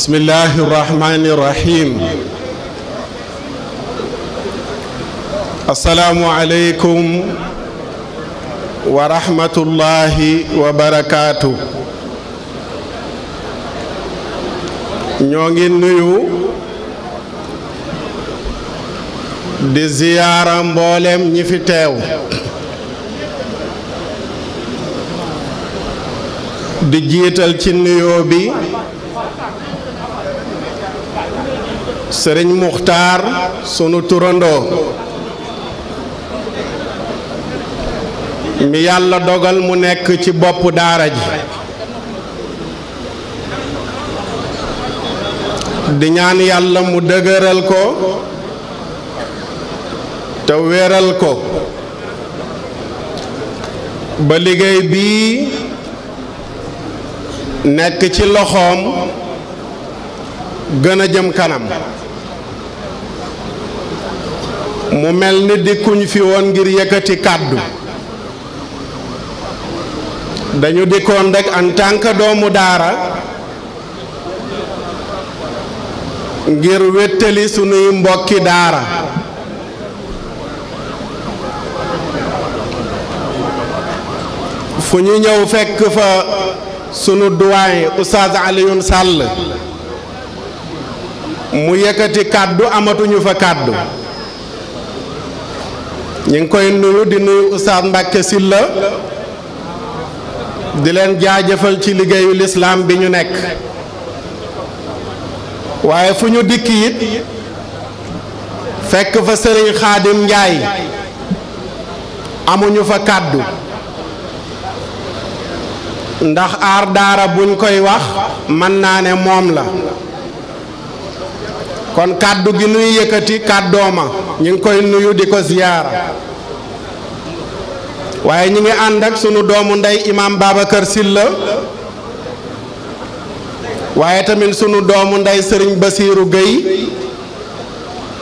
بسم الله الرحمن الرحيم السلام عليكم ñoo ngi nuyu di ziyaara mboolem ñi fi teew di jiital ci nuyoo bi sëriñ muxtaar sunu turandoo mi yàlla dogal mu nekk ci bopp daara ji di ñaan yàlla mu dëgëral ko te wéral ko ba liggéey bii nekk ci loxoom gën a jëm kanam mu mel ni dikkuñ fi woon ngir yëkkati kàddu dañu dikkoon rek en tant que doomu daara ngir wéttali sunuy mbokki daara fu ñu ñëw fekk fa sunu duwaay Oustaz Alioune Sall mu yëkkati kàddu amatuñu fa kàddu ñu ngi koy nuyu di nuyu Oustaz Mbacke Sylla di leen jaajëfal ci liggéeyu lislaam bi ñu nekk waaye fu ñu dikk it fekk fa sëriñ xaadim njaay amuñu fa kàddu ndax aar daara buñ koy wax mën naa ne moom la kon kàddu gi nuy yëkkati kàddooma ñu ngi koy nuyu di ko ziyaara waaye ñu ngi ànd ak sunu doomu ndey imaam Babacar Sylla waaye tamit sunu doomu ndey sëriñ Basiiru géy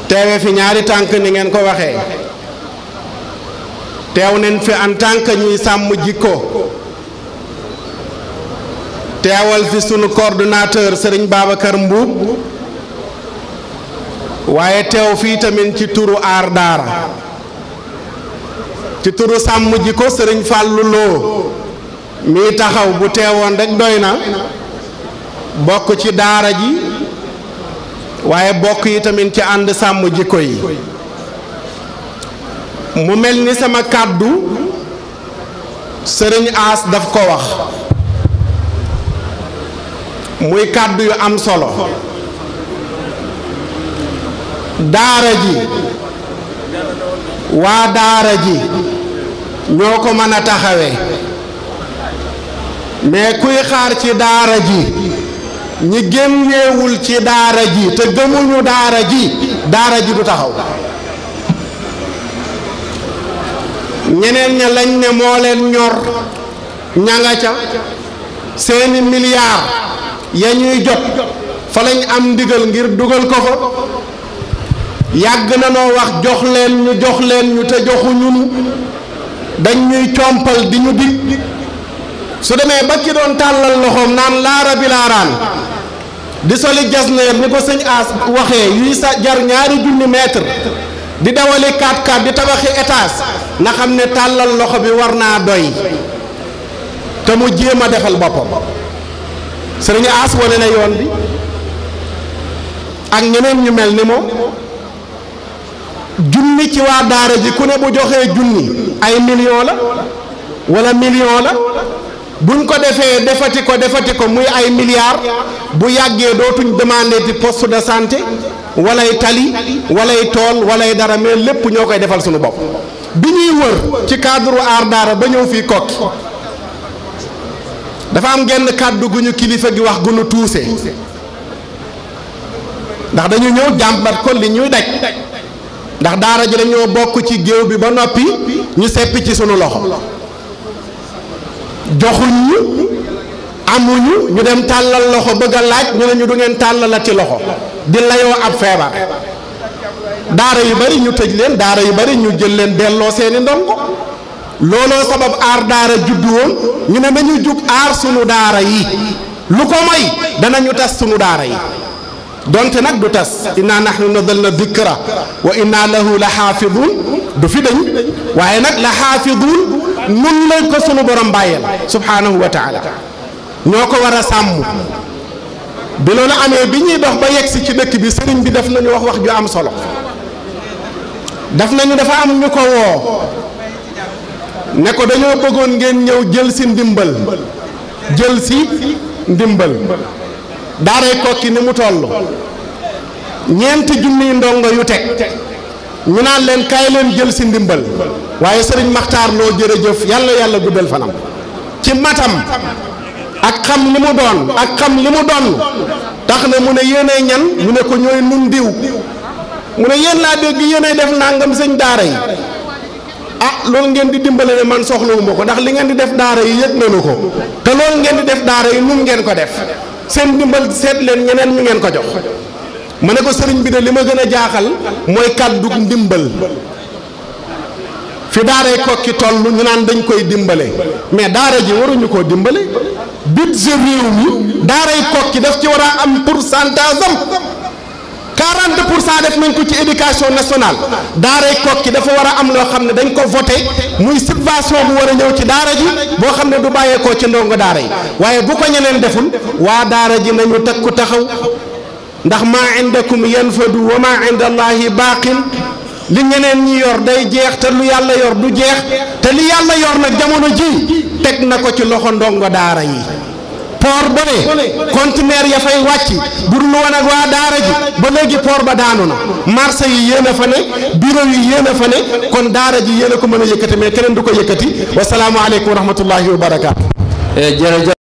teewe fi ñaari tànk ni ngeen ko waxee teew nañ fi en tant que ñuy sàmm jikko teewal fi sunu coordonnateur sëriñ Babacar Mbuub waaye teew fii tamit ci turu aar daara ci turu sàmm ji ko sëriñ Fàllu Loo mii taxaw bu teewoon rekk doy na bokk ci daara ji waaye bokk yi tamit ci ànd sàmm jikko yi mu mel ni sama kàddu sëriñ aas daf ko wax muy kàddu yu am solo daara ji waa daara ji ñoo ko mën a taxawee mais kuy xaar ci daara ji ñi génneewul ci daara ji te gëmuñu daara ji daara ji du taxaw ñeneen ña lañ ne moo leen ñor ña nga ca seeni milliards ya ñuy jot fa lañ am ndigal ngir dugal ko fa yàgg na noo wax jox ñu jox leen ñu te joxu ñunu dañ ñuy compal di ñu dig su demee ba ci doon tàllal loxoom naan laara bi laaraan di soli jasneer ni ko sëñ aas waxe yuy sa jar ñaari junni mètre di dawali 4x4 di tabaxi étage na xam ne tàllal loxo bi war naa doy te mu jéem a defal boppam sëriñ aas wane na yoon bi ak ñeneen ñu mel ni moom junni ci waa daara ji ku ne bu joxee junni ay million la wala million la buñ ko defee defati ko defati ko muy ay milliards bu yàggee dootuñ demandé di poste de santé walay tali walay tool walay dara mais lépp ñoo koy defal sunu bopp bi ñuy wër ci cadre aar daara ba ñëw fii kokki dafa am genn kàddu gu ñu kilifa gi wax gu ñu tuuse ndax dañu ñëw jàmbat ko li ñuy daj ndax daara ji dañoo bokk ci géew bi ba noppi ñu seppi ci sunu loxo joxuñu amuñu ñu dem tàllal loxo bëgg laaj ñu ne ñu du ngeen tàllalati loxo di layoo ab feebar daara yu bari ñu tëj leen daara yu bari ñu jël leen delloo seeni ndongo looloo sabab aar daara juddu woon ñu ne nañu jug aar sunu daara yi lu ko dana ñu tas sunu daara yi donte nag du tas inna nahnu nazzalna dikra wa inna lahu la du fi dañ waaye nag la xaafidun nun lañ ko sunu borom bàyyeel subhaanahu wa taala ñoo ko war a sàmm bi loolu amee bi ñuy dox ba yegsi ci dëkk bi sëriñ bi daf nañu wax wax ju am solo daf nañu dafa am ñu ko woo ne ko dañoo bëggoon ngeen ñëw jël si ndimbal jël si ndimbal daaray kokki ni mu toll ñeenti junniy ndongo yu teg ñu naan leen kaay leen jël si ndimbal waaye sëriñ maxtaar loo jërëjëf yàlla yàlla guddal fanam ci matam ak xam li mu doon ak xam li mu doon tax na mu ne yéenay ñan mu ne ko ñooy nun diw mu ne yéen laa dégg yéenay def nangam sëñ daara yi ah loolu ngeen di dimbale ne man soxlawuma ko ndax li ngeen di def daara yi yëg nañu ko te loolu ngeen di def daara yi nun ngeen ko def seen ndimbal seet leen ñeneen ñu ngeen ko jox ma ne ko sëriñ bi de li ma gën a jaaxal mooy kàddu ndimbal fi daaray kokki toll ñu naan dañ koy dimbale mais daara ji waruñu koo dimbale budget réew mi daaray kokki daf ci war a am pourcentage am 40 pour cent def nañ ko ci éducation nationale daaray yi dafa war a am loo xam ne dañ ko voté muy subvention bu war a ñëw ci daara ji boo xam ne du bàyyeekoo ci ndongo daara yi waaye bu ko ñeneen deful waa daara ji nañu takku taxaw ndax maa indakum yanfadu wa maa inda allahi baaqin li ñeneen ñi yor day jeex te lu yàlla yor du jeex te li yàlla yor nag jamono ji teg na ko ci loxo ndongo daara yi port bële conteneur ya fay wàcc bu dul woon a waa daara ji ba léegi port ba daanu na marché yi yéen a fa ne bureau yi yéen fa ne kon daara ji yéen a ko mën a yëkkati mais keneen du ko yëkkati wasalaamualeykum wa rahmatullahi wa barakaatu. Eh, jërëjëf.